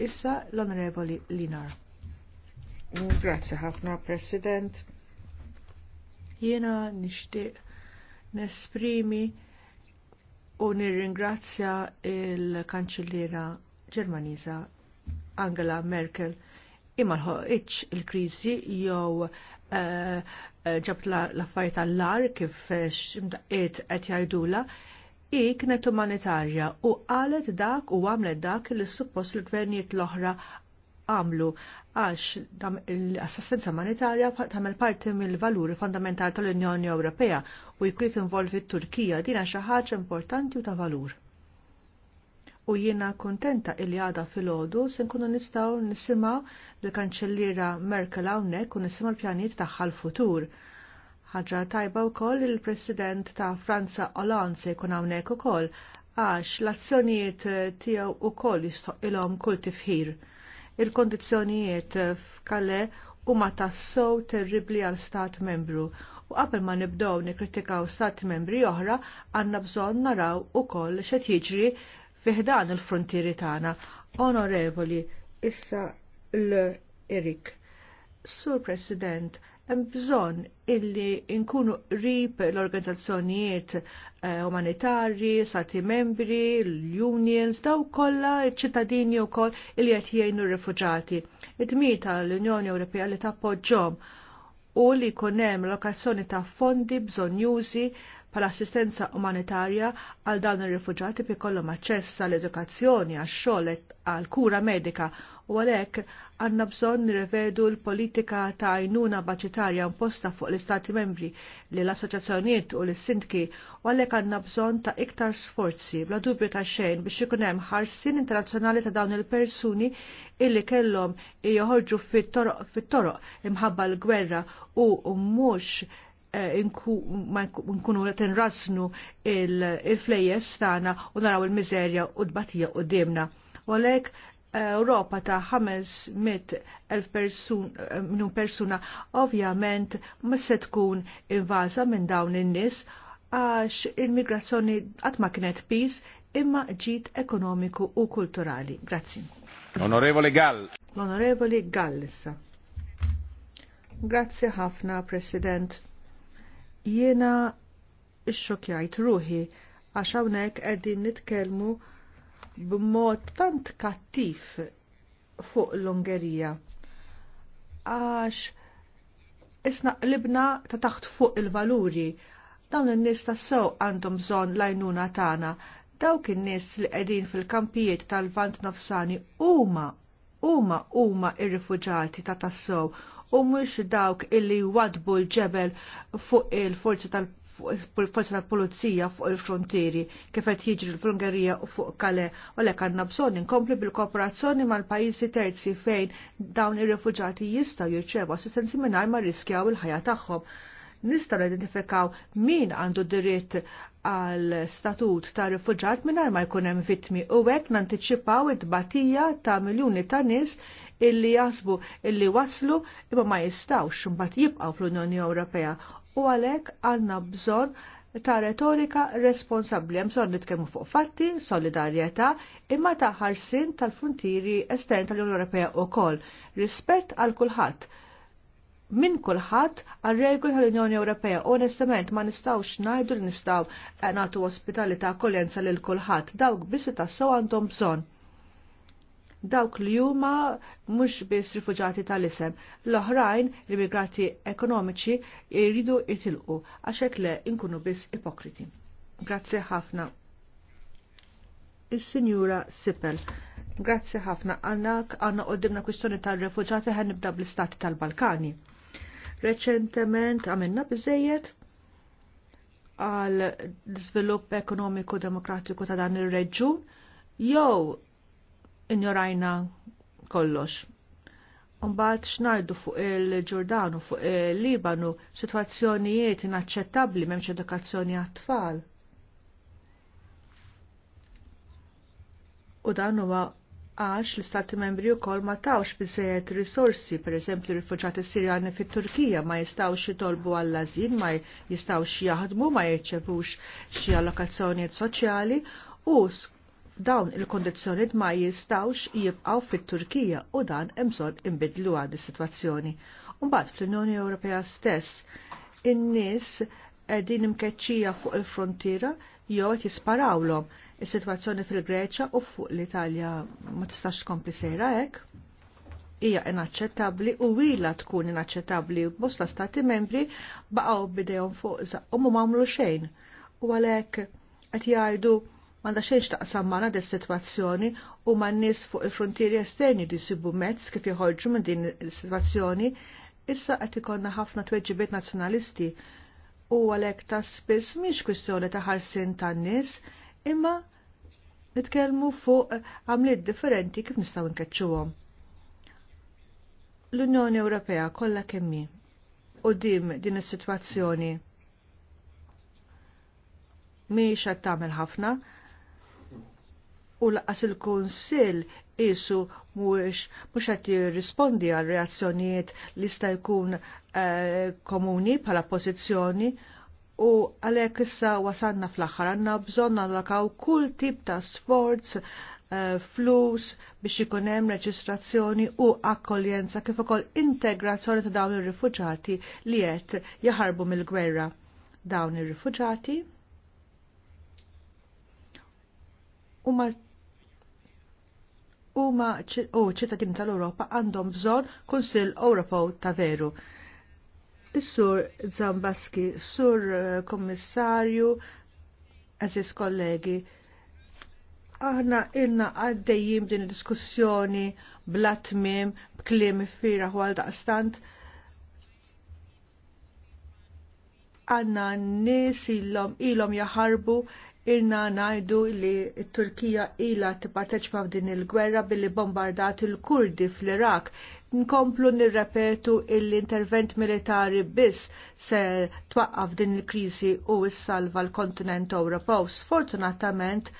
Issa l-Onorevoli Linar. Grazie ħafna, President. Jena nishtiq nesprimi u nirringrazzja il-kanċillera Ġermaniza Angela Merkel imma ħoqitx il-kriżi jew eh, eh, ġabt l-affarijiet għall-lar kif eh, x'imdaqqiet qed jgħidula i kienet umanitarja u qalet dak u għamlet dak li suppost l-gvernijiet l-oħra għamlu għax l-assistenza umanitarja tagħmel parti mill-valuri fondamentali tal-Unjoni Ewropea u jkrit involvi t-Turkija dina xi ħaġa importanti u ta' valur. U jiena kontenta li għada fil-ħodu se nkunu nistgħu nisimgħu l-Kanċellira Merkel hawnhekk u nisimgħu l pjaniet tagħha l-futur ħaġa tajba wkoll il-President ta' Franza Hollande se jkun hawnhekk ukoll għax l-azzjonijiet tiegħu wkoll jistoqilhom kull tifħir. Il-kondizzjonijiet f'Kalle huma tassew terribli għal stat membru u qabel ma nibdew nikkritikaw stat membri oħra għandna bżonn naraw ukoll x'qed jiġri fiħdan il-frontieri tagħna. Onorevoli, issa l-Erik. Sur President, Hemm bżonn illi nkunu rip l-organizzazzjonijiet eh, umanitarji, sati membri, l-unions, daw kolla ċittadini u koll illi għet jgħinu rifugġati. Id-dmir tal-Unjoni Ewropea li tappoġġom u li hemm lokazzjoni ta' fondi bżonn jużi pal assistenza umanitarja għal dawn ir-rifuġati bi kollhom aċċess għall edukazzjoni għax-xogħol e għal kura medika u għalhekk għandna bżonn nirrevedu l-politika ta' għajnuna baċitarja imposta fuq l-Istati membri li l-assoċjazzjonijiet u l-sindki u għalhekk għandna bżonn ta' iktar sforzi bla dubju ta' xejn biex ikun hemm ħarsin internazzjonali ta' dawn il-persuni illi kellhom joħorġu fit-toroq fit-toroq imħabba l-gwerra u mhux Eh, ma nkunu tinrasnu il-flejjes tagħna u naraw il-miżerja u d-batija d-demna. U għalek Europa eh, ta' 500.000 eh, minun persuna ovvjament ma se tkun invaza minn dawn in-nies għax il-migrazzjoni qatt ma kienet pis imma ġid ekonomiku u kulturali. Grazzi. Onorevoli Gall. L Onorevoli Gall issa. Grazzi ħafna, President. Jiena xokjajt ruħi għax hawnhekk qegħdin nitkellmu b'mod tant kattiv fuq l-Ungerija. Għax isnaqlibna qlibna ta' taħt fuq il-valuri. Dawn in-nies tassew għandhom bżonn lajnuna tagħna. Dawk in-nies li qegħdin fil-kampijiet tal-Vant Nofsani huma huma huma ir-rifuġati ta' tassew u mux dawk illi wadbu l-ġebel fuq il-forzi tal forza tal-pulizija fuq il-frontieri kif qed jiġri fl-Ungerija u fuq Kale u lek għandna bżonn inkompli bil-kooperazzjoni mal-pajjiżi terzi fejn dawn ir-refuġati jistgħu jirċevu assistenzi mingħajr ma rriskjaw il-ħajja tagħhom. Nistgħu identifikaw min għandu dritt għal statut ta' rifuġat mingħajr ma jkun hemm vittmi u hekk nantiċipaw it-tbatija ta' miljuni ta' nies illi jasbu illi waslu imma ma jistawx mbagħad jibqgħu fl-Unjoni Ewropea u għalhekk għandna bżonn ta' retorika responsabbli hemm bżonn nitkellmu fuq fatti, solidarjetà, imma ta' ħarsin tal-frontieri estern tal-Unjoni Ewropea wkoll, rispett għal kulħadd minn kulħadd għal regoli tal-Unjoni Ewropea. Onestament ma nistgħux ngħidu li nistgħu nagħtu ospitalità akkoljenza lil kulħadd dawk biss tassew għandhom bżonn dawk li huma mhux biss rifuġati tal-isem. L-oħrajn, l-immigrati ekonomiċi, jridu jitilqu għax hekk le inkunu biss ipokriti. Grazzi ħafna. Is-Sinjura Sipel. Grazzi ħafna għannak għanna qoddimna kwistjoni tal-refuġati ħan nibda bl-istati tal-Balkani. Reċentement għamilna biżejjed għal l ekonomiku demokratiku ta' dan ir reġjun jew ignorajna kollox. Umbat xnardu fuq il-ġordanu, fuq il-Libanu, situazzjonijiet inaċċettabli memx edukazzjoni għat-tfal. U dan huwa għax l-istati membri u kol ma tawx bizzejet risorsi, per eżempju rifugġati sirjani fit turkija ma jistawx jitolbu għall-azin, ma jistawx jaħdmu, ma jirċevux xie allokazzjoniet soċjali, u dawn il-kondizjoniet ma jistawx jibqaw fit-Turkija u dan imżon imbidlu għad is-sitwazzjoni. Mbagħad fl-Unjoni Ewropea stess in-nies qegħdin imkeċċija fuq il-frontiera jew qed jisparawlhom is-sitwazzjoni fil-Greċja u fuq l-Italja ma tistax tkompli sejra hekk hija inaċċettabbli u wila tkun inaċċettabbli bosta stati membri baqgħu bidejhom fuq zaqqhom u m'għamlu xejn. U għalhekk qed jgħidu m'għandha xejn x'taqsam magħna des sitwazzjoni u ma nies fuq il-frontieri esterni li jsibu mezz kif joħorġu minn din is-sitwazzjoni, issa qed ikollna ħafna tweġibiet nazzjonalisti u għalhekk ta' spiss mhix kwistjoni ta' ħarsin tan-nies, imma nitkellmu fuq għamliet differenti kif nistgħu nkeċċuhom. L-Unjoni Ewropea kollha kemmi dim din is-sitwazzjoni mhix qed tagħmel ħafna u laqas il-Kunsill isu mhuwiex mhux qed jirrispondi għal reazzjonijiet li sta jkun eh, komuni bħala pozizjoni u għalhekk issa wasanna fl-aħħar għandna bżonn nallakaw kull tip ta' sforz eh, flus biex ikun hemm reġistrazzjoni u akkoljenza kif ukoll integrazzjoni ta' dawn ir-rifuġati li qed jaħarbu mill-gwerra. Dawn ir-rifuġati ma' huma u ċittadini tal-Ewropa għandhom bżonn Kunsill Ewropew ta' veru. Is-sur Zambaski, sur eh, Kommissarju, eżis kollegi, aħna ilna għaddejjim din diskussjoni bla tmiem b'kliem fira għal daqstant. Għanna nis ilom ilom jaharbu irna najdu li Turkija ila tipparteċpa f'din il-gwerra billi bombardat il-Kurdi fl-Irak. Nkomplu nirrepetu l-intervent militari biss se twaqqaf din il-krisi u s-salva l-kontinent Ewropew. Sfortunatament,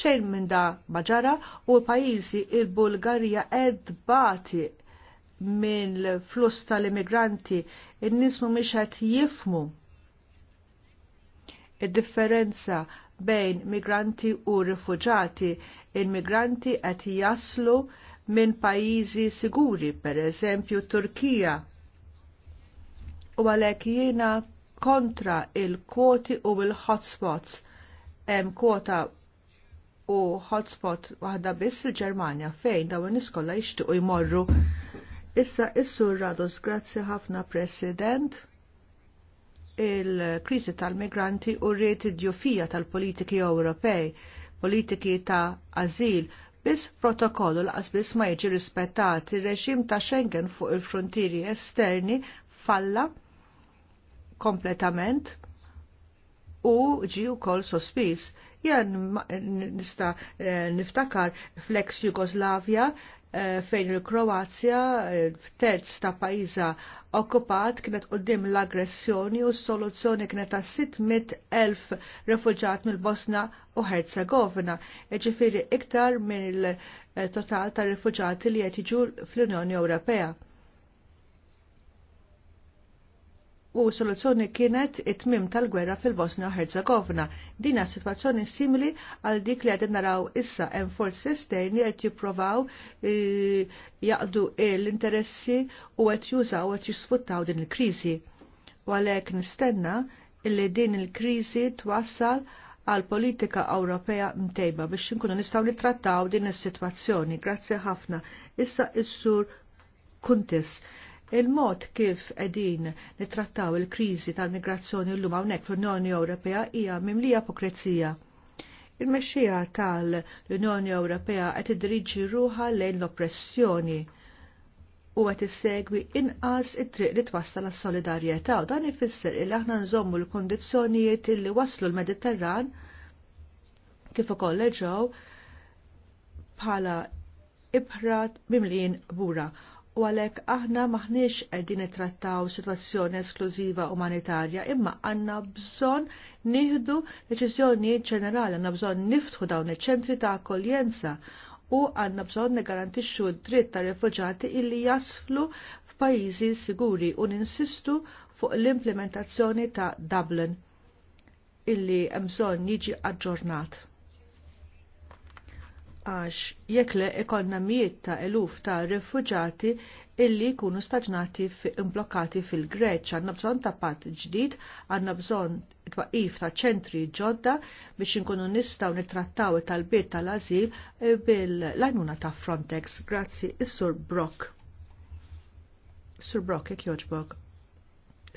xejn minn da maġara u l-pajjiżi il-Bulgarija edbati minn l-flus tal-immigranti, in-nies mhumiex qed jifmu id-differenza bejn migranti u rifugjati Il-migranti qed jaslu minn pajjiżi siguri, per eżempju Turkija. U għalhekk jiena kontra il-kwoti u l-hotspots. Hemm kwota u hotspot waħda biss il-Ġermanja fejn dawn nies kollha jixtiequ jmorru. Issa is-sur Rados, grazzi ħafna President il-kriżi tal-migranti u rrid id-djufija tal-politiki Ewropej, politiki ta' azil, biss protokollu laqas biss ma jiġi rispettat ir-reġim ta' Schengen fuq il-frontieri esterni falla kompletament u ġi wkoll sospiż. Jan nista eh, niftakar flex Jugoslavja Eh, fejn il-Kroazja terz ta' pajza okkupat kienet qoddim l-aggressjoni u s-soluzzjoni kienet ta' 600.000 refugġat mill-Bosna u Herzegovina, eġifiri iktar minn il-total eh, ta' refuġati li jtiġu fl-Unjoni Ewropea u soluzzjoni kienet it-tmim tal-gwerra fil-Bosnia Herzegovina. Dina situazzjoni simili għal dik li għedin naraw issa hemm forzi esterni qed jippruvaw e, jaqdu l-interessi u qed jużaw qed jisfuttaw din il-kriżi. U għalhekk nistenna illi din il-kriżi twassal għal politika Ewropea mtejba biex inkunu nistgħu nittrattaw din is-sitwazzjoni. Grazzi ħafna. Issa is-sur Kuntis. Il-mod kif edin nitrattaw il-krizi tal-migrazzjoni l-lum hawnhekk fl-Unjoni Ewropea hija mimlija apokrezija. Il-mexxija tal-Unjoni Ewropea qed idriġi ruħa lejn l-oppressjoni u qed segwi inqas it-triq li twassal għas-solidarjetà u dan ifisser il aħna nżommu l-kondizzjonijiet li waslu l-Mediterran kif ukoll ġew bħala ibrat bimlin bura u għalek aħna maħniex qegħdin nittrattaw situazzjoni esklużiva umanitarja, imma għanna bżon nieħdu deċiżjonijiet ġenerali, għanna bżon niftħu dawn iċ-ċentri ta' akkoljenza u għanna bżon negarantixxu d-dritt ta' rifuġati illi jasflu f'pajjiżi siguri u ninsistu fuq l-implementazzjoni ta' Dublin illi hemm bżonn jiġi aġġornat għax jekk le ekonomijiet mijiet ta' eluf ta' rifuġati illi jkunu staġnati imblokkati fil-Greċ. Għanna bżon ta' pat ġdid, għanna bżon twaqif ta' ċentri ġodda biex inkunu nistaw nitrattaw tal bir tal-azil bil-lajnuna ta' Frontex. Grazzi, Is-Sur Brock. Sur Brock, jek joġbok.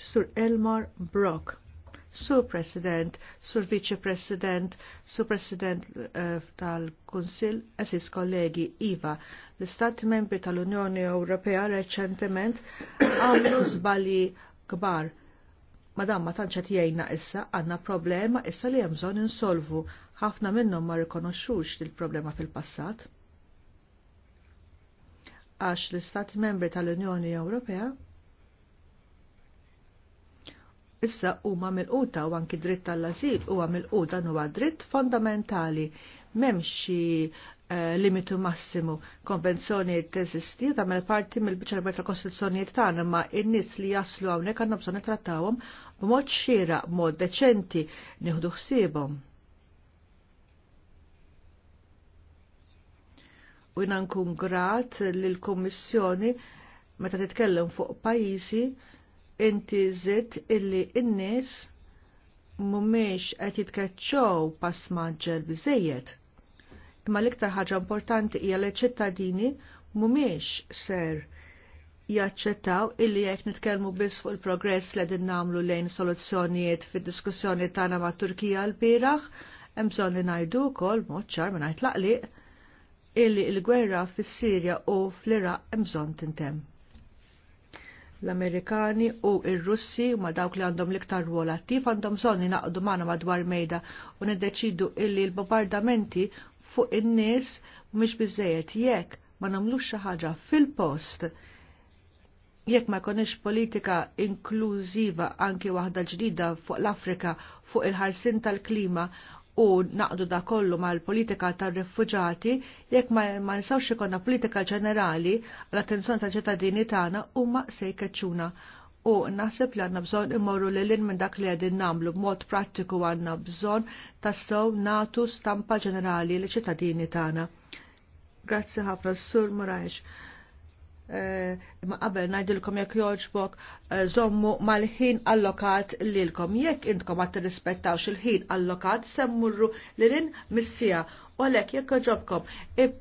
Sur Elmar Brock. Sur President, Sur Vice President, Sur President uh, tal-Kunsil, Esis kollegi Iva, l-Istati membri tal-Unjoni Ewropea reċentement għamlu zbali kbar. Madam ma tantx jgħinna issa għandna problema issa li hemm bżonn insolvu. Ħafna minnhom ma rikonoxxux il-problema fil-passat. Għax l-Istati membri tal-Unjoni Ewropea issa huma mill-quta u anki dritt tal-asil huwa mill-quta huwa dritt fondamentali m'hemmx xi uh, limitu massimu. Konvenzjoni teżisti u tagħmel parti mill-biċċa tal-Kostituzzjonijiet tagħna ma in nies li jaslu hawnhekk għandhom bżonn trattawhom b'mod xira, mod deċenti nieħdu ħsiebhom. U jina nkun grat l kummissjoni meta titkellem fuq pajjiżi inti zitt illi n-nies mhumiex qed jitkeċċow pass maġġel biżejjed. Imma l-iktar ħaġa importanti hija li ċittadini mhumiex ser jaċċettaw illi jekk nitkellmu biss fuq il-progress li din nagħmlu lejn soluzzjonijiet fid-diskussjoni tagħna ma' Turkija l-bieraħ, hemm bżonn li ngħidu wkoll mod ċar mingħajr laqliq illi l-gwerra fis-Sirja u fl-Iraq hemm bżonn tintemm l-Amerikani u il-Russi ma dawk li għandhom liktar ruol attiv għandhom sonni naqdu maħna madwar mejda u neddeċidu illi l-bombardamenti fuq in-nies mhux biżejjed jekk ma nagħmlux xi ħaġa fil-post jekk ma jkunx politika inklużiva anki waħda ġdida fuq l-Afrika fuq il-ħarsin tal-klima u naqdu da kollu mal-politika tar-refuġati jekk ma nsawx ikonna politika ġenerali l-attenzjoni tal-ċittadini tagħna huma se jkeċċuna u naħseb li għanna bżon immorru li l-in minn dak li għedin namlu b'mod prattiku għanna bżon tassew natu stampa ġenerali li ċittadini tagħna. Grazzi ħafna Sur Murajx. Eh, ma qabel najdilkom jekk joġbok zommu eh, mal-ħin allokat lilkom. Jekk intkom ma rispettawx il-ħin allokat, semmurru l-rin missija. U għalek jekk joġobkom, eh,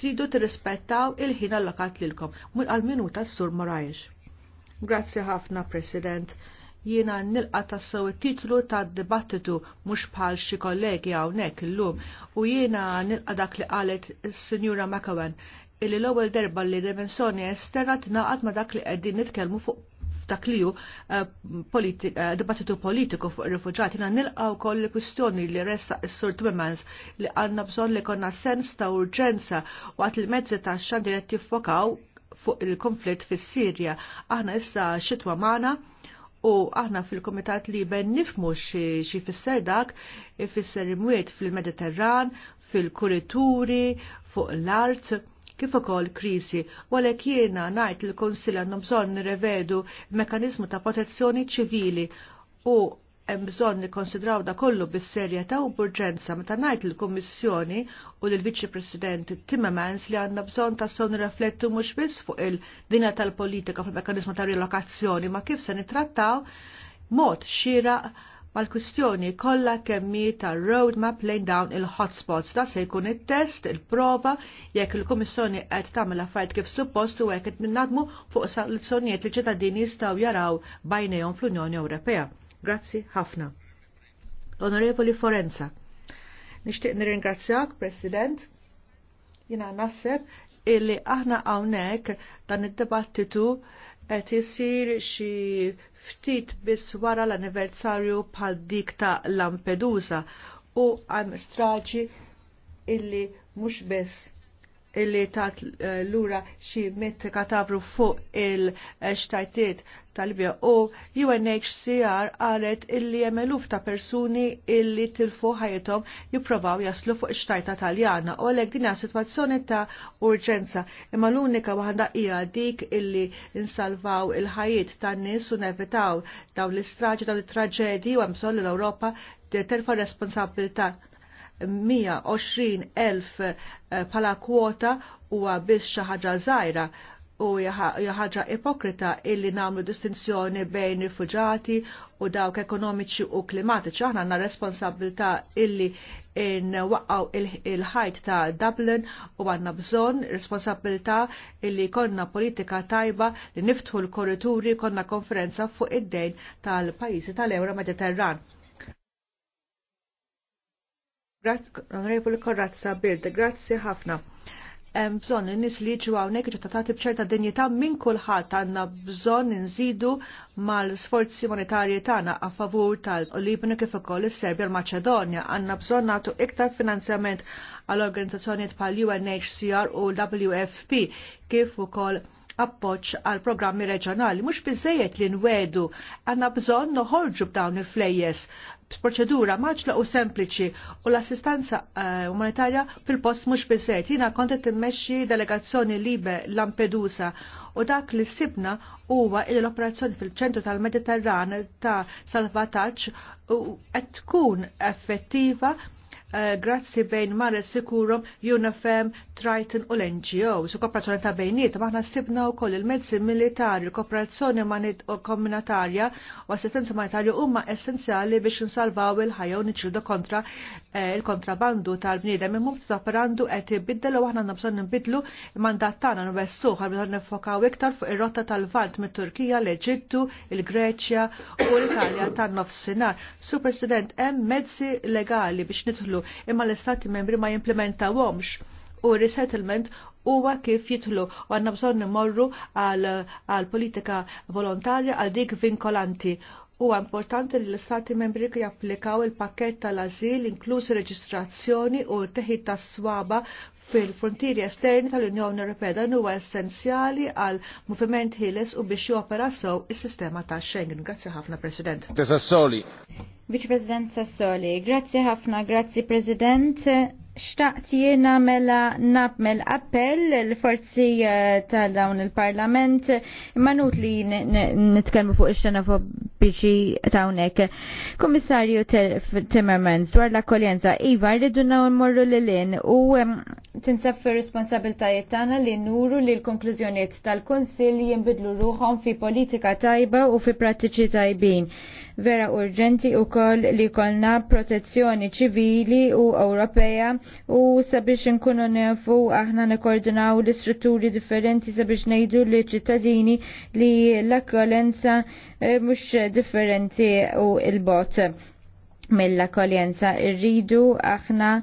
tridu tirrispettaw il-ħin allokat lilkom. Mur għal-minuta s-sur Morajx. Grazzi ħafna, President. Jiena nilqa tassew it-titlu tad dibattitu mhux bħal xi kollegi hawnhekk illum u jiena nilqa dak li qalet is-Sinjura McEwen illi l-ewwel derba li dimensjoni esterna tingħaqad ma dak li qegħdin nitkellmu fuq dak li hu eh, eh, dibattitu politiku fuq ir-rifuġati na nilqgħu wkoll il-kwistjoni li ressa s-Sur Timmermans li għandna bżonn li konna sens ta' urġenza waqt il-mezzi ta' xandir qed jiffokaw fuq il-konflitt fis-Sirja. Aħna issa xitwa magħna u aħna fil-Komitat Liben nifmu xi fisser dak ifisser imwiet fil-Mediterran, fil-kurituri, fuq l-art kif ukoll krisi, u għalhekk jiena ngħid il kunsill għandhom bżonn nirrevedu l-mekkaniżmu ta' protezzjoni ċivili u hemm bżonn nikkonsidraw da kollu bis-serjetà u b'urġenza meta ngħid il-Kummissjoni u lill-Viċi President Timmermans li għandna bżonn tassew nirreflettu mhux biss fuq il-dinja tal-politika fil mekkanizmu ta' rilokazzjoni ma kif se nittrattaw mod xira mal-kustjoni kollha kemmi ta' roadmap lejn dawn il-hotspots. Da se jkun it-test, il-prova, jekk il-Kummissjoni qed tagħmel affarijiet kif suppost u hekk qed ninadmu fuq soluzzjonijiet li ċittadini jistgħu jaraw bajnejhom fl-Unjoni Ewropea. Grazzi ħafna. Onorevoli Forenza. Nixtieq nirringrazzjak, President. Jina naħseb illi aħna hawnhekk dan id-dibattitu qed isir xi ftit biss wara l-anniversarju bħal dik ta' Lampedusa u għam straġi illi mhux biss illi tat eh, lura xi metrika tabru fuq il-xtajtiet tal-bja u UNHCR għalet illi jemeluf ta' persuni illi tilfu ħajetom jipprovaw jaslu fuq xtajta taljana u għalek dinja situazzjoni ta' urġenza imma l-unika waħda ija dik illi insalvaw il-ħajiet tan nies u nevitaw dawn l-istraġi dawn it-traġedi u għamsol bżonn l-Ewropa terfa' responsabilità 120 elf pala kwota huwa biss xi ħaġa żgħira u ħaġa ipokrita illi namlu distinzjoni bejn rifuġati u dawk ekonomiċi u klimatiċi. Aħna għandna responsabilità illi waqqaw il-ħajt ta' Dublin u għandna bżonn responsabilità illi konna politika tajba li niftħu l-korrituri konna konferenza fuq id-dejn tal-pajjiżi tal ewra Mediterran Onorevoli Korrazza Bild, grazzi ħafna. Bżon, bżonn in-nies li ġu hawnhekk ġu tagħti b'ċerta dinjità minn kulħadd għandna bżonn inżidu mal-sforzi monetarji tagħna a favur tal-Libnu kif ukoll is-Serbja u l-Maċedonja. Għandna bżonn nagħtu iktar finanzjament għall organizzazzjonijiet pal UNHCR u WFP kif ukoll appoġġ għal programmi reġjonali. Mhux biżejjed li nwedu għandna bżonn noħorġu b'dawn il-flejjes proċedura maċla u sempliċi u l-assistanza uh, umanitarja fil-post mhux biżejjed. Jiena kontet immexxi delegazzjoni libe Lampedusa u dak li sibna huwa l-operazzjoni fil-ċentru tal-Mediterran ta' salvataġġ qed tkun effettiva Eh, grazzi bejn Mare Sikurum, UNFM, Triton u l-NGO. Su kooperazzjoni ta' bejniet, maħna sibna u koll il-mezzi militari, kooperazzjoni kombinatarja u assistenza umanitarja huma essenzjali biex nsalvaw il-ħajja u niċildu kontra eh, il-kontrabandu tal-bniedem. Imum t-operandu qed ibiddel u aħna nabżon nbidlu mandat tagħna nwessuh għal bżonn nifokaw iktar fuq ir-rotta tal-Valt mit-Turkija, l-Eġittu, il-Greċja u l-Italja tan-nofsinhar. Su President, hemm mezzi legali biex nidħlu imma l-istati membri ma jimplementawhomx u resettlement huwa kif jitlu u għanna bżon nimorru għal politika volontarja għal dik vinkolanti. U importanti li l-Stati membri kif japplikaw il-pakket tal-azil inkluż reġistrazzjoni u teħid tas swaba fil-frontieri esterni tal-Unjoni Ewropea dan huwa essenzjali għal moviment ħieles u biex jopera sew is-sistema ta' Schengen. Grazzi ħafna, President. Tesassoli. Vice President Sassoli, grazzi ħafna, grazzi President. Xtaqt jiena mela napmel appell l-forzi eh, ta' dawn il-parlament imma nut li nitkellmu fuq ix-xena fuq biċi ta' hawnhekk. Timmermans dwar l-akkoljenza iva rridu mmorru l in u tinsab fir responsabiltajiet tagħna li nuru li l-konklużjonijiet tal-Kunsill jinbidlu ruħhom fi politika tajba u fi prattiċi tajbin vera urġenti u koll li kolna protezzjoni ċivili u Ewropea u sabiex nkunu nefu aħna nekordinaw l-istrutturi differenti sabiex nejdu li ċittadini li l-akkolenza eh, mux differenti u il-bot mill akkolenza irridu aħna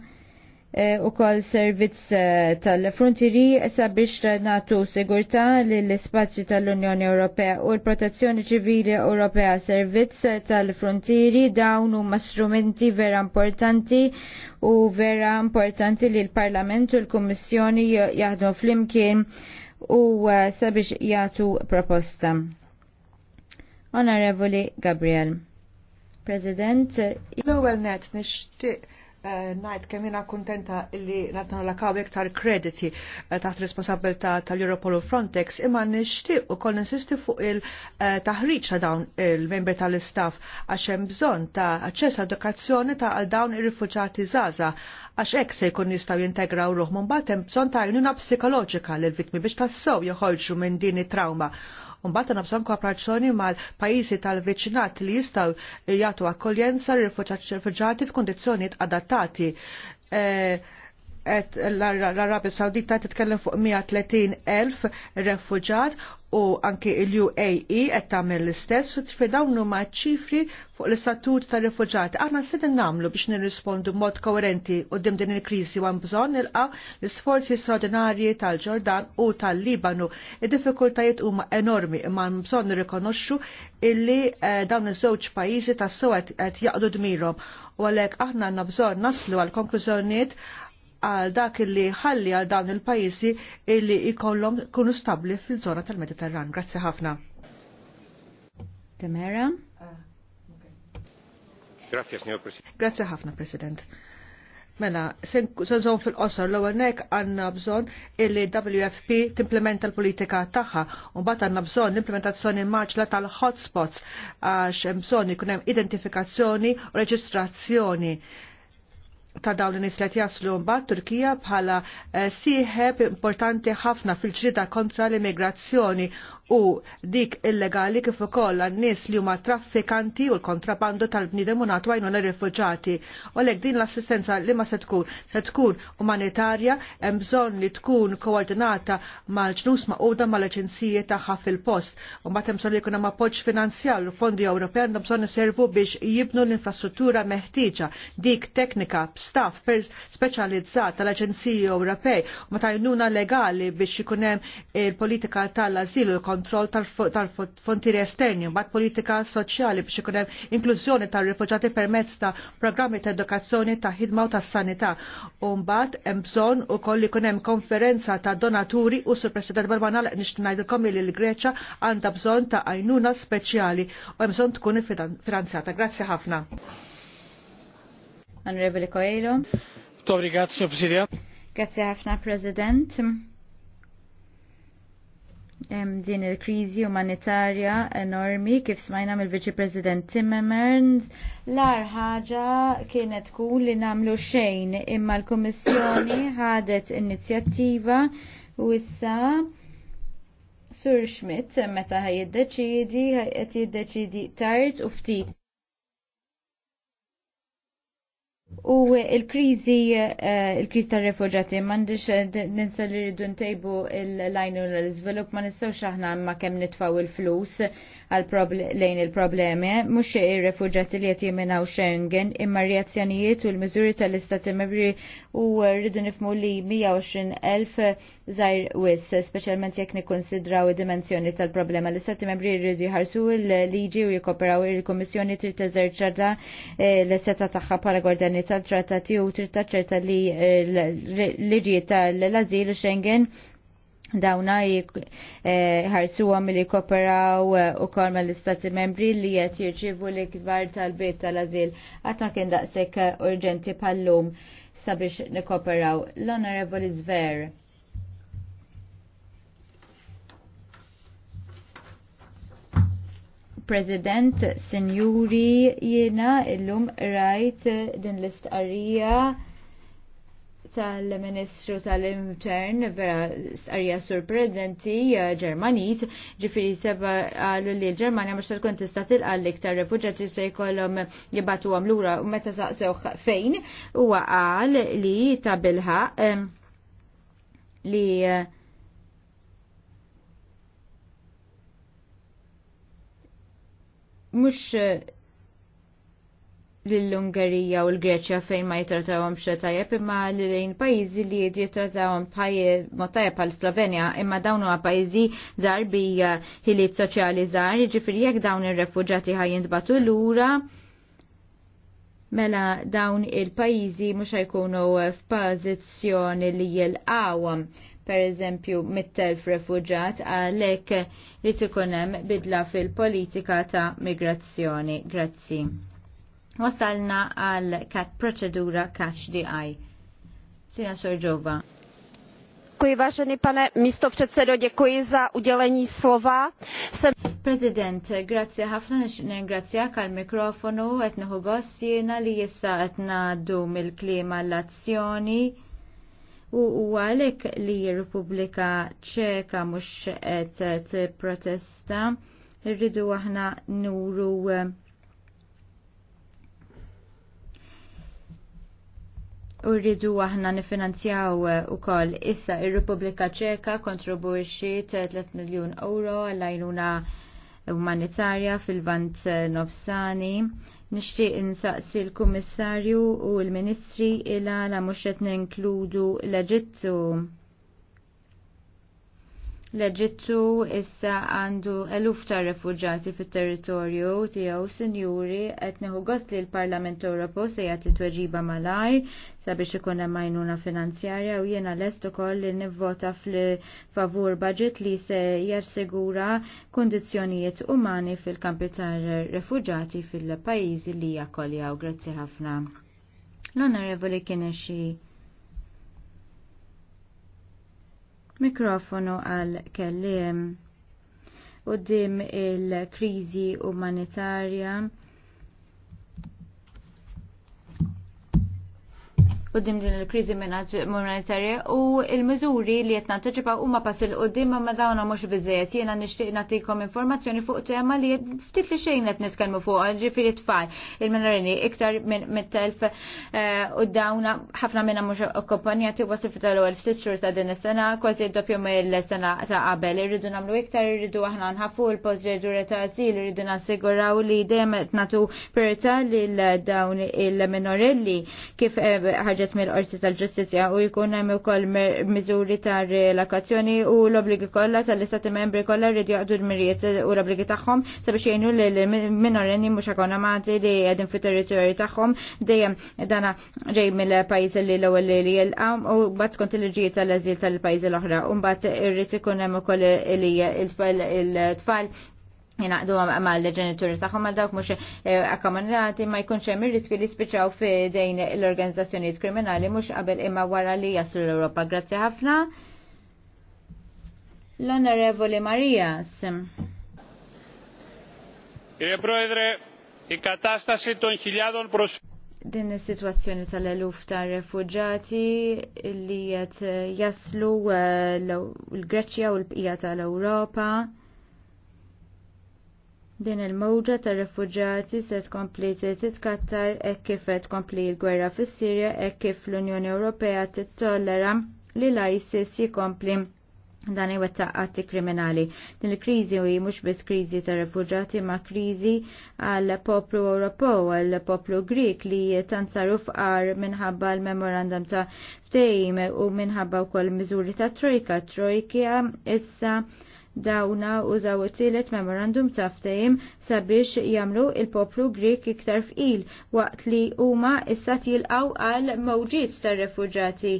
Eh, u kol servizz eh, tal-frontieri sabiex natu sigurta l-spazju tal-Unjoni Ewropea u l-protezzjoni ċivili Ewropea servizz eh, tal-frontieri dawn huma strumenti vera importanti u vera importanti li l-Parlament u l-Kummissjoni jaħdmu flimkien u sabiex jagħtu proposta. Onorevoli Gabriel. President. L-ewwel net nixtieq Eh, najt, kemmina kontenta illi natna la kaw iktar krediti eh, taħt ta tal-Europol u Frontex, imma nishtiq u koll insisti fuq il-taħriċ eh, ta' dawn il-membri tal-istaff għaxem bżon ta' aċċess edukazzjoni ta' għal dawn ir-rifuġati zaza għax ek se jkun jistaw jintegraw ruħ mumbatem bżon ta' jnuna psikoloġika l-vittmi biex tassow joħolġu minn din it-trauma Mbagħad nabżon kooperazzjoni mal-pajjiżi tal veċinat li jistgħu jagħtu akkoljenza rifuġati f'kundizzjonijiet adattati. Eh, l-Arabi Sawdita titkellem fuq 130.000 refuġat u anki l-UAE qed tagħmel l-istess fi dawn huma ċifri fuq l-istatut tar refuġati. Aħna sedin nagħmlu biex nirrispondu b'mod u dim din il-kriżi għan bżon nilqa' l-isforzi straordinarji tal-Ġordan u tal-Libanu. Id-diffikultajiet huma enormi imma bżon bżonn nirrikonoxxu illi eh, dawn iż-żewġ pajjiżi tas-sew qed jaqdu dmirhom u għalhekk aħna għandna bżonn naslu għal konklużjonijiet għal dak li ħalli għal dawn il-pajjiżi illi jkollhom kunu stabbli fil-żona tal-Mediterran. Grazzi ħafna. Temera. Grazie, signor Presidente. Grazie ħafna, President. Mela, zon fil-qosor l nek għanna bżon il-WFP timplementa l-politika taħħa, un-bat għanna bżon l-implementazzjoni maċla tal-hotspots, għax bżon jikunem identifikazzjoni u reġistrazzjoni ta' dawn li nislet jaslu mbagħad Turkija bħala eh, sieħeb importanti ħafna fil-ġrida kontra l-immigrazzjoni u dik illegali kif ukoll għan-nies li huma traffikanti u l-kontrabandu tal-bniedem u nagħtu għajnuna rifuġati U għalhekk din l-assistenza li ma se tkun se tkun umanitarja hemm bżonn li tkun koordinata mal-ġnus maquda mal-aġenziji tagħha fil-post. U mbagħad hemm bżonn li jkun hemm appoġġ finanzjar u fondi Ewropej għandhom bżonn iservu biex jibnu l-infrastruttura meħtieġa dik teknika b'staff speċjalizzat tal-Aġenziji Ewropej u ma tajnuna legali biex ikun hemm il-politika tal-ażil u l kontroll tal fontiri esterni, mbagħad politika soċjali biex ikun hemm inklużjoni tar-rifuġjati permezz ta' programmi ta' edukazzjoni ta' ħidma u tas-sanità. U mbagħad hemm bżonn ukoll ikun hemm konferenza ta' donaturi u sur President Barbanal nixtieq ngħidilkom li l-Greċja għandha bżonn ta' għajnuna speċjali u hemm bżonn tkun finanzjata. Grazzi ħafna. Onorevole Coelho. Grazie ħafna President din il-krizi umanitarja enormi kif smajna mill-Viċi President Timmermans l-ar ħaġa kienet tkun li namlu xejn imma l-Kummissjoni ħadet inizjattiva u issa Sur Schmidt meta ħaj jiddeċidi, ħaj jiddeċidi tard u ftit. U il-krizi, eh, il krizi tal refugjati mandiċ eh, ninsa li rridu ntejbu il-lajnu l-izvilup, ma nistaw aħna ma kem nitfaw il-flus lejn il-problemi, mux il-refugjati li jtiminaw Schengen, imma reazzjonijiet u l-mizuri tal-istati membri u rridu nifmu li 120.000 zaħir wis, specialment jek nikonsidraw id-dimensjoni tal-problema. L-istati membri rridu jħarsu il-liġi u jikoperaw il-komissjoni trid teżerċada eh, l-seta taħħa pala għordani tal-trattati u ċerta li l-liġi tal-azil Schengen dawna eh, ħarsuhom għam li koperaw eh, u kol l-istati membri li qed jirċievu li ikbar tal-bit tal-azil għatma kien daqsek urġenti pallum sabiex nikoperaw l-Honorable Zver. President, Sinjuri, jiena illum rajt din l-istqarrija tal-Ministru tal-Intern vera istqarrija sorprendenti Ġermaniż, ġifiri seba għallu li l-Ġermanja mux tkun tista' tilqa l-iktar refuġati se jkollhom jibatu għam lura u meta saqsew fejn huwa qal li ta' li mux eh, l-Ungerija u l-Greċja fejn ma jitratawom xe tajjeb imma lejn pajjiżi li jitratawhom ma tajjeb għal Slovenja imma dawn huwa pajjiżi zar bi ħiliet soċjali żgħar, jiġifieri jekk dawn ir batu l lura mela dawn il-pajjiżi mhux ħajkunu f'pożizzjoni li jil-għawam per eżempju mit-telf għalek li tikunem bidla fil-politika ta' migrazzjoni. Grazzi. Wasalna għal kat proċedura catch the eye. Sina Sorġova. Děkuji, vážený pane místo předsedo, děkuji za udělení slova. Jsem... President, grazie ħafna ningrazzja għal mikrofonu qed nieħu gost jiena li issa qed ngħaddu mill-klima l-azzjoni u għalek li Repubblika ċeka mux qed protesta rridu aħna nuru u rridu aħna nifinanzjaw u koll. Issa ir-Repubblika ċeka kontribuixi 3 miljon euro għall-għajnuna umanitarja fil-vant nofsani Nixtieq insaqsi l-Kummissarju u l-Ministri ila la mhux qed ninkludu l-Eġittu. L-Eġittu issa għandu eluf ta' refugġati fit-territorju tiegħu sinjuri qed neħu gost li l-Parlament Ewropew se jagħti tweġiba malajr sabiex ikun hemm għajnuna finanzjarja u jiena lest ukoll li nivvota fl-favur budget li se jassigura kundizzjonijiet umani fil-kampi tar refugġati fil-pajjiżi li jakkoljaw. Grazzi ħafna. L-Onorevoli Kineshi. mikrofonu għal kellim. Uddim il-krizi umanitarja qudiem din il-kriżi monetarja u il-miżuri li qed nantiċipaw huma pass il qudiem ma dawn mhux biżejjed jiena nixtieq nagħtikom informazzjoni fuq tema li ftit li xejn qed nitkellmu fuq ġifieri tfal il-minorini iktar minn mit-telf eh, u dawna ħafna minnha mhux akkompanjati wasif tal-ewwel f'sitt xhur ta' din is-sena kważi doppju mill-sena ta' qabel irridu nagħmlu iktar irridu aħna nħafu l-post ġerdura ta' asil irridu nassiguraw li dejjem qed nagħtu priorità lil dawn il-minorelli kif eh, ħaġa ħarġet mill-Qorti tal-Ġustizzja u jkun hemm ukoll miżuri ta' relokazzjoni u l-obbligi kollha tal-istati membri kollha rridu jaqdu l-mirijiet u l-obbligi tagħhom sabiex jgħinu l-minorenni mhux ekonomati li qegħdin fit-territorju tagħhom dejjem dana ġej mill-pajjiż li l-ewwel li jilqgħu u mbagħad skont il-ġijiet tal ażil tal-pajjiżi l-oħra u mbagħad irrid ikun hemm ukoll li il-tfal jinaqdu l ġenituri saħħu ma dawk mux eh, akkamanrati ma jkunx hemm ir-riskju li spiċaw f'dejn l-organizzazzjonijiet kriminali mhux qabel imma wara li jaslu l-Ewropa. Grazzi ħafna. L-Onorevoli Marias. Kire Proedre, η katastasi ton χιλιάδων προσφύγων din is-sitwazzjoni tal-eluf ta' refugġati li jaslu eh, l-Greċja u l-bqija tal-Ewropa Din il-mowġa ta' refuġati se tkompli titkattar hekk kif qed tkompli l-gwerra fis-Sirja hekk kif l-Unjoni Ewropea tittollera li l-ISIS jikompli dan iwettaq atti kriminali. Din il-kriżi hi mhux biss kriżi ta' refuġati ma' kriżi għal poplu Ewropew għal poplu Grik li tansaru saru fqar minħabba l-memorandum ta' ftehim u minħabba wkoll miżuri ta' trojka. Trojka issa dawna użaw it-tielet memorandum ta' ftehim sabiex jagħmlu il-poplu grek iktar fqil waqt li huma issa tilqaw għal mewġiet tar-refuġati.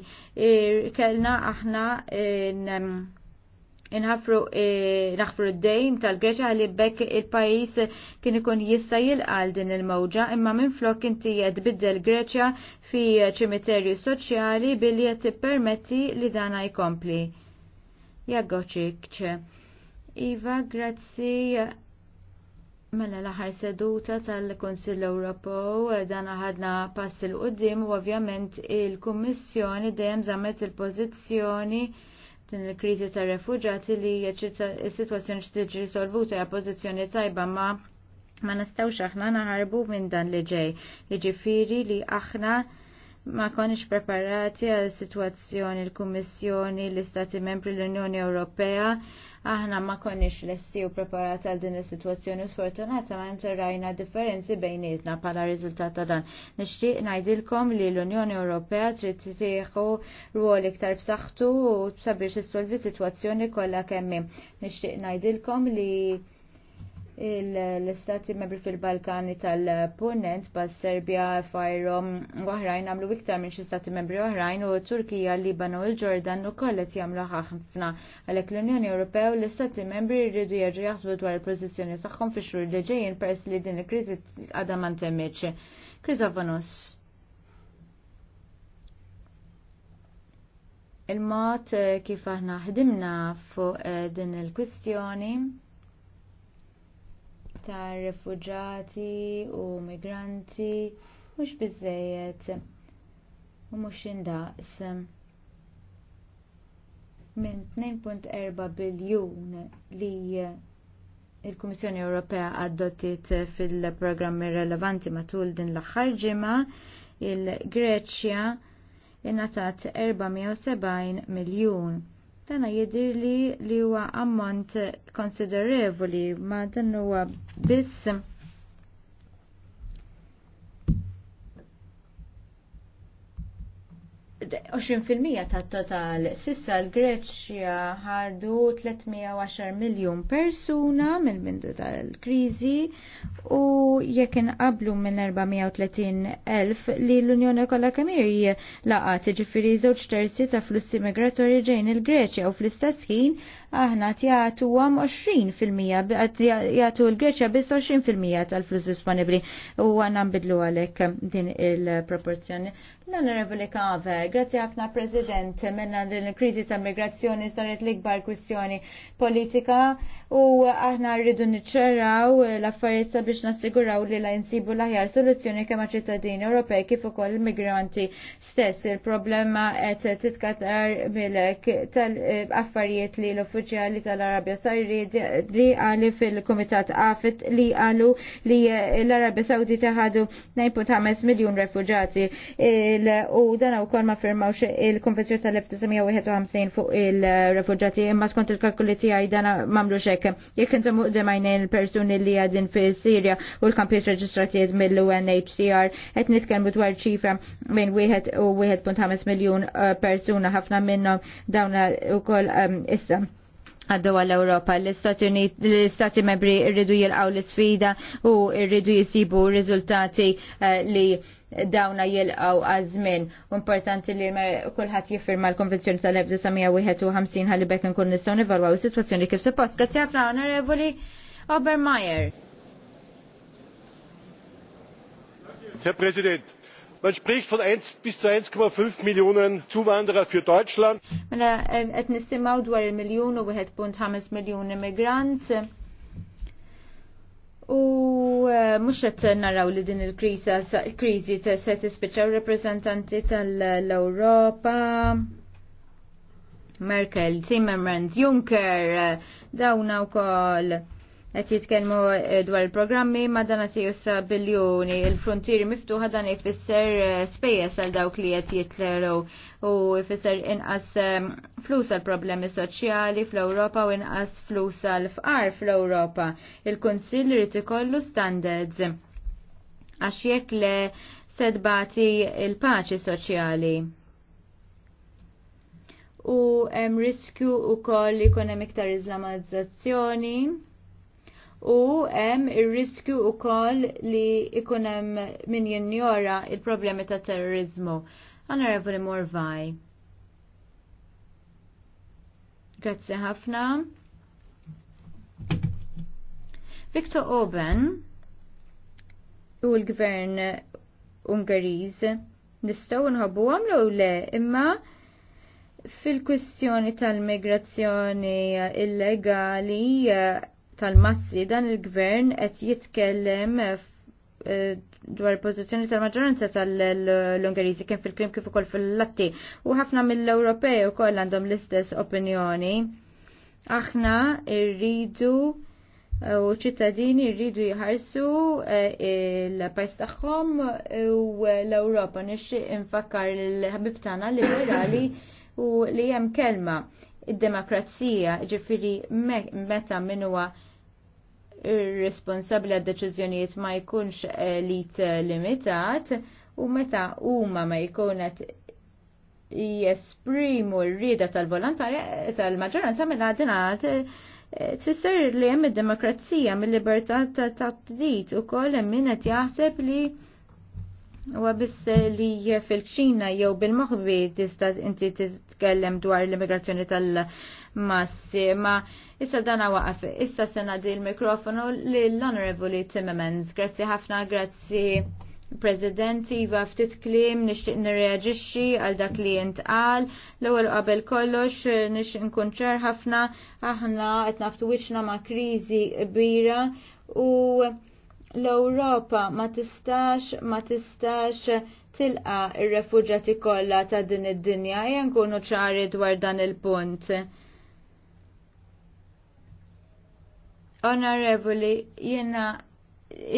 Kellna aħna inħafru eh, naħfru d-dejn tal-Greċa għalli bekk il-pajis kien ikun jista jilqal din il-mawġa imma minn flok inti biddel Greċa fi ċimiterju soċjali billi jett permetti li dana jkompli. Jaggoċik ċe. Iva, grazzi mela l-aħħar seduta tal-Konsill Ewropew dan aħadna pass il qudiem u ovvjament il-Kummissjoni dejjem żammet il-pożizzjoni din il-kriżi tar-refuġati li s-sitwazzjoni tiġi risolvuta hija pożizzjoni tajba ma' ma nistgħux aħna naħarbu minn dan li ġej. Jiġifieri li aħna ma konix preparati għal situazzjoni l-Kummissjoni, l-Istati Membri l-Unjoni Ewropea, aħna ma konix lesti u preparati għal din is-sitwazzjoni u sfortunata ma interrajna differenzi bejnietna pala riżultat ta' dan. Nixtieq ngħidilkom li l-Unjoni Ewropea trid tieħu rwol iktar b'saħħtu u sabiex issolvi situazzjoni kollha kemm. Nixtieq ngħidilkom li l-istati membri fil-Balkani tal-Punent pa' Serbia, Fajrom, oħrajn għamlu iktar minn xi stati membri oħrajn u Turkija, Libano u l-Ġordan u kollet jagħmlu ħafna. Għalhekk l-Unjoni Ewropew l-istati membri jridu jerġgħu jaħsbu dwar il-pożizzjoni tagħhom fix-xhur li ġejjin pers li din il krizi għadha ma ntemmitx. Krizofonus. Il-mod eh, kif aħna ħdimna fuq eh, din il-kwistjoni ta' refuġati u migranti mhux biżżejjed u mhux indaqs minn 2.4 biljun li l kummissjoni Ewropea adottit fil-programmi relevanti matul din l-aħħar ġimgħa il-Greċja ingħatat 470 miljun Dana jidir li li huwa ammont konsiderevoli ma dan huwa biss 20% tat-total. Sissa l-Greċja ħadu 310 miljon persuna minn bindu tal-kriżi u jekk inqablu minn 430 elf li l-Unjoni kollha kemm laqgħet jiġifieri żewġ terzi ta' flussi migratorji ġejn il-Greċja u fl-istess ħin aħna tjatu għam 20% jgħatu l-Greċja bis 20% tal-flus disponibli u għannan bidlu għalek din il-proporzjoni. L-Onorevoli Kave, grazzi ħafna President, menna din il-krizi ta' migrazzjoni saret l-ikbar kwistjoni politika u aħna rridu niċċeraw l-affarijiet sabiex nassiguraw li la jinsibu l-aħjar soluzzjoni kemm ċittadini Ewropej kif ukoll migranti stess. Il-problema qed titkatar tal affarijiet li l-uffiċjali Soċjali tal-Arabja Saudi għali fil-Komitat Afet li għalu li l-Arabja Saudi taħadu 9.5 miljon refugġati u dan u kol ma firmawx il-Konvenzjoni tal-1951 fuq il refugġati imma skont il-kalkuli tiegħi dan mamlu xek. Jekk intom muqdemajn il-persuni li għadin fis Sirja u l kampis reġistratijiet mill-UNHCR qed nitkellmu dwar ċifra minn wieħed u 1.5 miljun eh, persuna ħafna minnhom dawn ukoll eh, issa għaddu għall-Europa. L-Istati membri rridu jilqaw l-sfida u rridu jisibu rizultati eh, li dawna jilqaw għazmin. Importanti li kullħat jiffirma l-Konvenzjoni tal-1951 għalli bekk nkun nistgħu nivalwaw is-sitwazzjoni kif suppost. Grazzi ħafna Onorevoli Obermeyer. Herr Präsident, man spricht von eins bis zu eins fünf Millionen Zuwanderer für Deutschland. Mela u wieħed eh, qed naraw li din il-kriża kriżi se tispiċċaw rappreżentanti tal-Ewropa. Merkel, Timmermans, Juncker, eh, dawna wkoll qed jitkellmu eh, dwar il-programmi ma si jussa biljuni il-frontieri miftuħa dan jfisser eh, spejjeż għal dawk li qed jitleru u jfisser inqas eh, flus għal problemi soċjali fl-Ewropa u inqas flus għal fqar fl-Ewropa. il konsil irid ikollu standards għax jekk le sedbati il-paċi soċjali u hemm riskju ukoll ikonemik hemm iktar iżlamizzazzjoni u hemm ir-riskju wkoll li ikun hemm min jinjora il-problemi ta' terrorizmu. Honorable Morvai. Grazzi ħafna. Victor Oben u l-gvern Ungariż nistgħu nħobbuhom għamlu le imma fil-kwistjoni tal-migrazzjoni illegali tal-massi dan il-gvern qed jitkellem eh, eh, dwar il tal-maġġoranza tal-maġġoranza tal-Ungeriżi kien fil-klim kif ukoll fil-Latti u ħafna mill-Ewropej ukoll għandhom l-istess opinjoni. Aħna rridu eh, u ċittadini rridu jħarsu il-pajs tagħhom u l-Ewropa nixtieq infakkar il-ħabib tagħna liberali u li hemm kelma id-demokrazija, ġifiri meta min huwa responsabli għad deċiżjonijiet ma jkunx eh, elit eh, limitat u meta huma ma jkunet jesprimu r-rieda tal-volontarja tal-maġġoranza mela dinat eh, tfisser li hemm id-demokrazija mill-libertà ta' tdid ukoll hemm min qed jaħseb li huwa biss li fil-kxina jew bil-moħbi tista' inti nitkellem dwar l-immigrazzjoni tal massi Ma Issa dana waqaf, issa sena di l-mikrofonu l-Honorable Timmermans. Grazzi ħafna, grazzi. President Iva ftit klim nixtieq nirreaġixxi għal dak li intqal. L-ewwel qabel kollox nixtieq nkun ċar ħafna aħna qed naftu wiċċna ma' kriżi kbira u L-Ewropa ma tistax, ma tistax tilqa ir refuġjati kollha ta' din id-dinja ejja nkunu ċari dwar dan il-punt. Onorevoli, jiena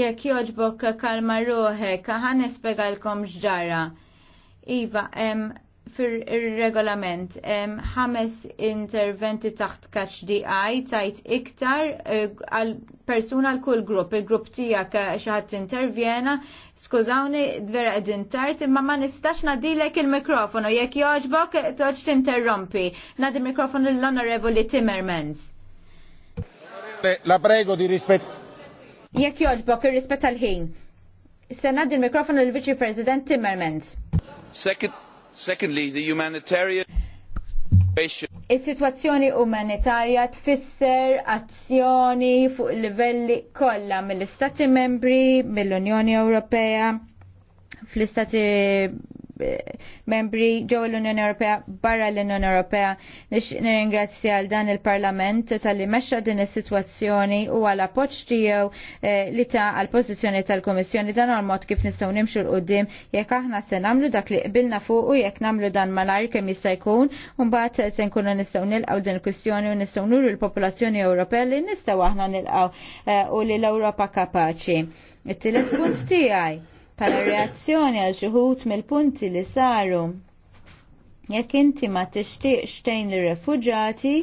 jekk joġbok kalma ruħek, ħan nispjegalkom x'ġara. Iva, em, fil-regolament ħames interventi taħt kaċ DI tajt iktar eh, għal persuna għal kull grupp, il-grupp tija eh, xaħat intervjena, skużawni vera edin tart, imma ma nistax nadilek il-mikrofonu, jekk joġbok toċ tinterrompi, nadi mikrofonu l-onorevoli Timmermans. La prego di rispet. Jekk joġbok il-rispet għal-ħin. Se nadi il-mikrofonu l-Viċi President Timmermans. Second Secondly, the humanitarian Is-sitwazzjoni umanitarja tfisser azzjoni fuq livelli kollha mill-Istati Membri, mill-Unjoni Ewropea, fl-Istati membri ġew l-Unjoni Ewropea barra l-Unjoni Ewropea nix nirringrazzja għal dan il-Parlament tal-li mexxa din is-sitwazzjoni u għal appoġġ tiegħu eh, li ta' għal pożizzjoni tal-Kummissjoni dan għal mod kif nistgħu nimxu l qudiem jekk aħna se nagħmlu dak li qbilna fuq u jekk nagħmlu dan malajr kemm jista' jkun u mbagħad se nkunu nistgħu nilqgħu din il-kwistjoni u nistgħu nuru l-popolazzjoni Ewropea li nistgħu aħna nilqgħu eh, u li l-Ewropa kapaċi. It-tielet punt tiegħi pala reazzjoni għal ħud mill-punti li saru. Jekk inti ma tixtieqx tgħin lir-refuġati,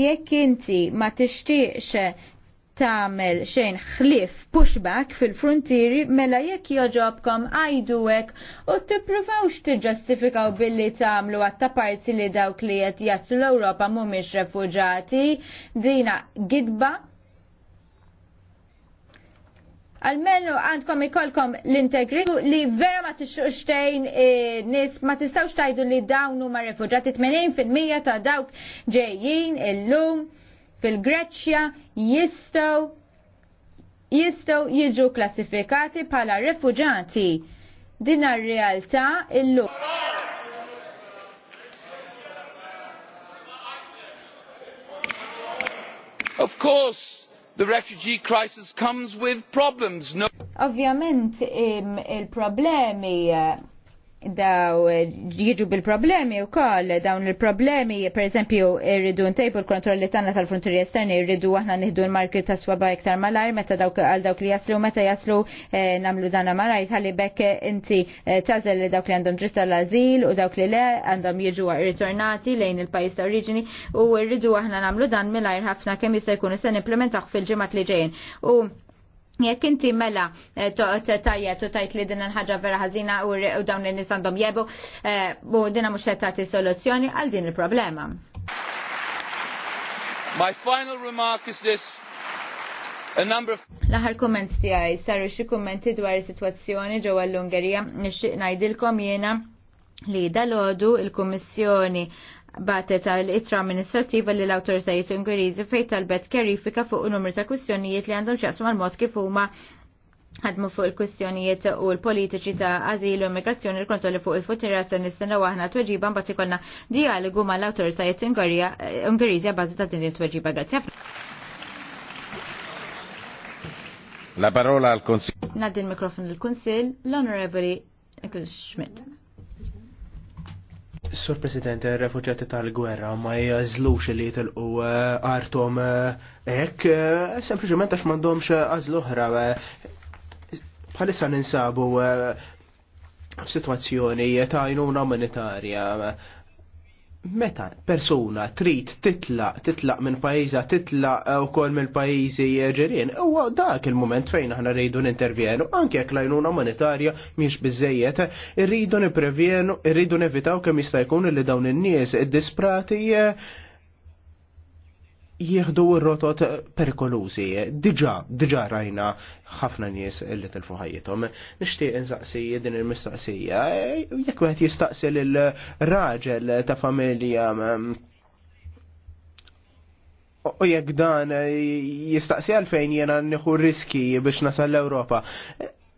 jekk inti ma tixtieqx tagħmel xejn ħlief pushback fil-frontieri mela jekk joġobkom għajduwek u tippruvawx tiġġustifikaw billi tagħmlu għatta parsi li dawk li qed jaslu l-Ewropa mhumiex refuġati dina gidba Almenu għandkom ikolkom l integrit li vera ma t-xuxtejn eh, nis ma tistawx tajdu li dawnu ma refugġati 80% ta' dawk ġejjin illum fil-Greċja jistow jistow jiġu klassifikati pala refuġati din ar-realtà il-lum. Of course, the refugee crisis comes with problems. No Ovvjament il-problemi eh, daw eh, jiġu bil-problemi u koll, dawn il-problemi, per eżempju, irridu ntejbu l-kontrolli tanna tal-frontieri esterni, irridu aħna nihdu l-marki ta' swaba iktar malar, meta dawk għal dawk li jaslu, meta jaslu eh, namlu dana malar, jitħalli bekk inti eh, tazel li dawk li għandhom dritta l-azil u dawk li le għandhom jiġu ritornati lejn il-pajis ta' oriġini u irridu aħna namlu dan milar ħafna kemm jista' jkun issa implementaħ fil-ġimgħat li ġejjin. U Jekk inti mela eh, tajjeb u tajt li din ħaġa vera ħażina u dawn li nies għandhom jebu eh, u dinha mhux qed tagħti soluzzjoni għal din il-problema. My final remark is this. A number of L-aħħar kumment tiegħi saru xi kummenti dwar is-sitwazzjoni ġewwa l-Ungerija nixtieq ngħidilkom jiena li dalodu il-Kummissjoni batet għal-itra amministrativa li l autorizajiet Ungeriżi fej talbet kerifika fuq numru ta' kwistjonijiet li għandhom ċaqsu mal-mod kif huma ħadmu fuq il-kwistjonijiet u l-politiċi ta' azil u immigrazzjoni l-kontrolli fuq il-futira se nistennew aħna tweġiba mbagħad ikollna dialogu mal-awtoritajiet Ungeriżi bażi ta' din it-tweġiba. Grazzi. La parola al Consiglio. Naddi il mikrofon il-Kunsil, l-Onorevoli Schmidt. Sur President, refuġati tal-gwerra ma jazlux li jitilqu eh, artom eh, ek, eh, sempliciment għax mandomx għazlu oħra. Bħalissa ninsabu f'sitwazzjoni ta' jnuna monetarja meta persuna trid titla, titlaq minn pajjiża titlaq eh, ukoll mill pajjiżi ġirien, huwa dak il-mument fejn aħna rridu nintervjenu anke jekk lajnuna monetarja mhix biżejjed, irridu nipprevjenu, irridu nevitaw kemm jista' jkun li dawn in-nies disprati eh, jieħdu r-rotot perikolużi. Diġa, diġa rajna ħafna nies li telfu ħajjithom. Nixtieq insaqsi din il-mistaqsija. Jekk wieħed jistaqsi l raġel ta' familja U jekk dan jistaqsi għalfejn jena nieħu riski biex nasal l-Ewropa.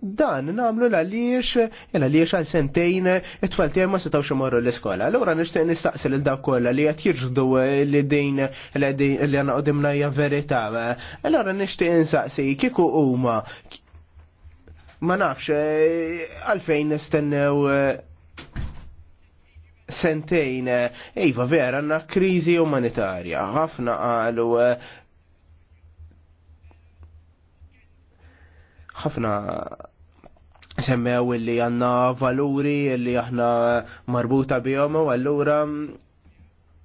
Dan namlu l-għaliex, l-għaliex għal sentejn, it-tfal tiegħi ma setgħux imorru l-iskola. Allura nixtieq nistaqsi lil dak kolla li qed jirġdu eh, li din li għodimna ja verita. verità. Allura nixtieq nistaqsi, kieku huma ma nafx eh, għalfejn nistennew eh, sentejn, iva vera, għanna krizi umanitarja, ħafna għalu ħafna semmew illi għanna valuri illi aħna marbuta bihom u allura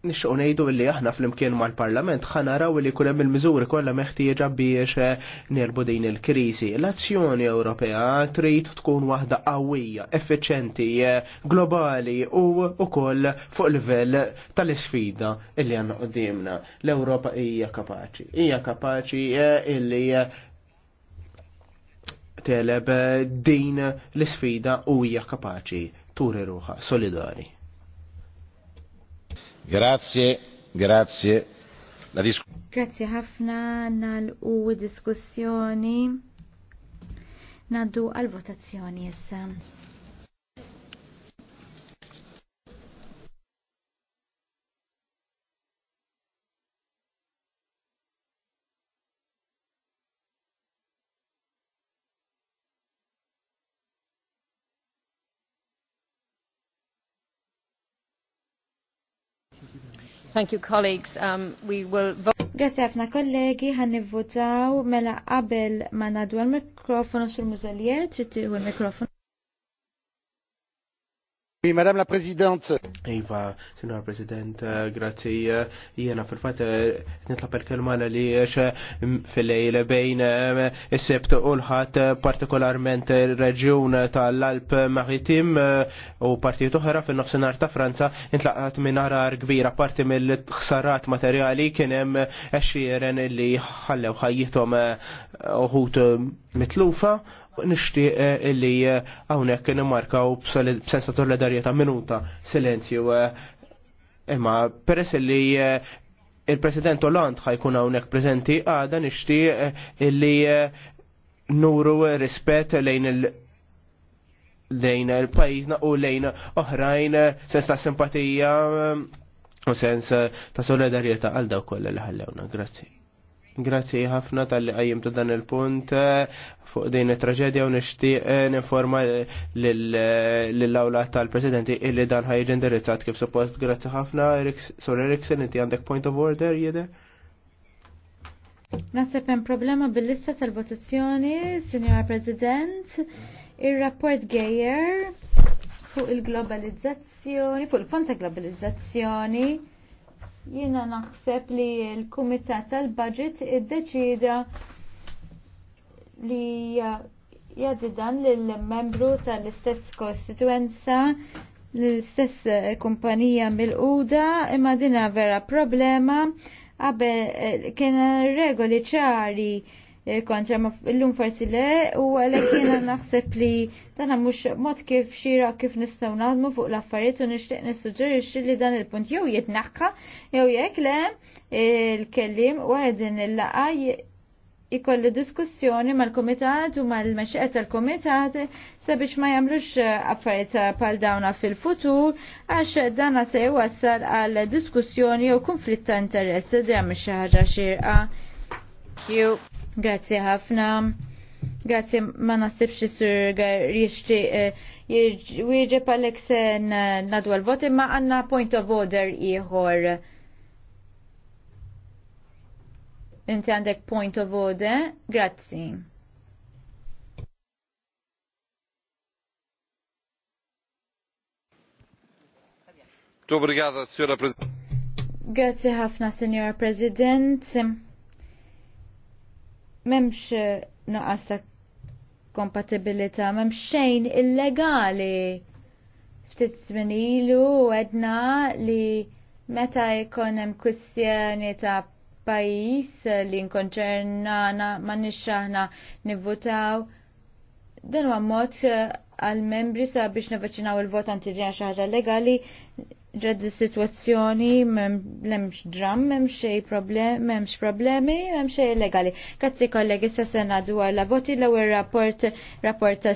nixxu nejdu illi aħna fl-imkien mal-parlament ħanaraw illi hemm il-mizuri kollha meħtieġa biex nerbu din il-krisi. L-azzjoni Ewropea trid tkun waħda qawwija, effiċenti, globali u ukoll fuq livell tal-isfida illi għandna qudiemna. L-Ewropa hija kapaċi, hija kapaċi illi teleb eh, din l-sfida u hija kapaċi turi ruħa solidari. Grazie, grazie. La grazie ħafna nal u diskussjoni. Naddu għal votazzjoni issa. Thank you, colleagues. Um, we will vote. Grazie għafna kollegi, għan nivvotaw mela qabel ma nadwa l-mikrofonu sul-mużalier, tritti u l-mikrofonu. Madame la President. Iva, Signor President, grazzi. Jena fil-fat nitla per kelma li fil-lejl bejn is-sebt u partikolarment il-reġjun tal-Alp Maritim u partijiet oħra fin-nofsinhar ta' Franza intlaqat minn arar kbira parti mill-ħsarat materjali kien hemm għexieren li ħallew ħajjithom uħut mitlufa nixtieq eh, illi eh, hawnhekk nimmarkaw b'sens ta' solidarjetà minuta silenzju eh, imma peress illi il-President Oland ħajkun hawnhekk prezenti għada nixtieq illi nuru rispett lejn il- lejn il-pajjiżna u lejn oħrajn sens ta' simpatija u sens ta' solidarieta għal dawk kollha li ħallewna. Grazzi. Grazzi ħafna tal-li għajjim ta' dan il-punt eh, fuq din il-traġedja u nishtiq eh, ninforma eh, l-awla tal-presidenti illi dan ħajġen indirizzat kif suppost. Grazzi ħafna, Sor Eriksen, inti għandek point of order jide? Nasib hemm problema bil-lista tal-votazzjoni, Signor President, ir-rapport Gejer fuq il-globalizzazzjoni, fuq il-fond ta' globalizzazzjoni Jiena naħseb li l-Kumitat tal-Budget iddeċida li jadi dan lill-membru tal-istess konstituenza l-istess eh, kumpanija mill-uda imma dina vera problema għabe eh, kien regoli ċari Eh, kontra ma illum forsi le u għalhekk jiena naħseb li dana mhux mod kif xira kif nistgħu naħdmu fuq l-affarijiet u nixtieq nissuġġerixxi li dan il-punt jew jitnaħħa jew jekk le eh, l-kellim u din il-laqgħa ikollu diskussjoni mal-komitat u mal-mexqet tal-komitat sabiex ma jagħmlux eh, affarijiet pal dawna fil-futur għax dana se jwassal għal diskussjoni jew konflitt ta' interess dejjem xi ħaġa xirqa. Grazzi ħafna. Grazzi ma nasibx sur jixti eh, wieġeb għalek se nadwa l-vot imma għanna point of order ieħor. Inti għandek point of order. Grazzi. Grazie ħafna, Signora President memx eh, nuqqas ta' kompatibilità, memx xejn illegali. Ftit zminilu ilu għedna li meta jkun hemm kwistjoni ta' pajis li nkonċernana ma nix nivvutaw dan huwa mod eh, għal membri sabiex biex nivaċinaw il-vot antiġena xi ħaġa legali ġeddi situazzjoni, memx dram, memx xej problemi, memx problemi, memx xej illegali. Grazzi kollegi, sa sena dwar la voti l-ewel rapport, rapport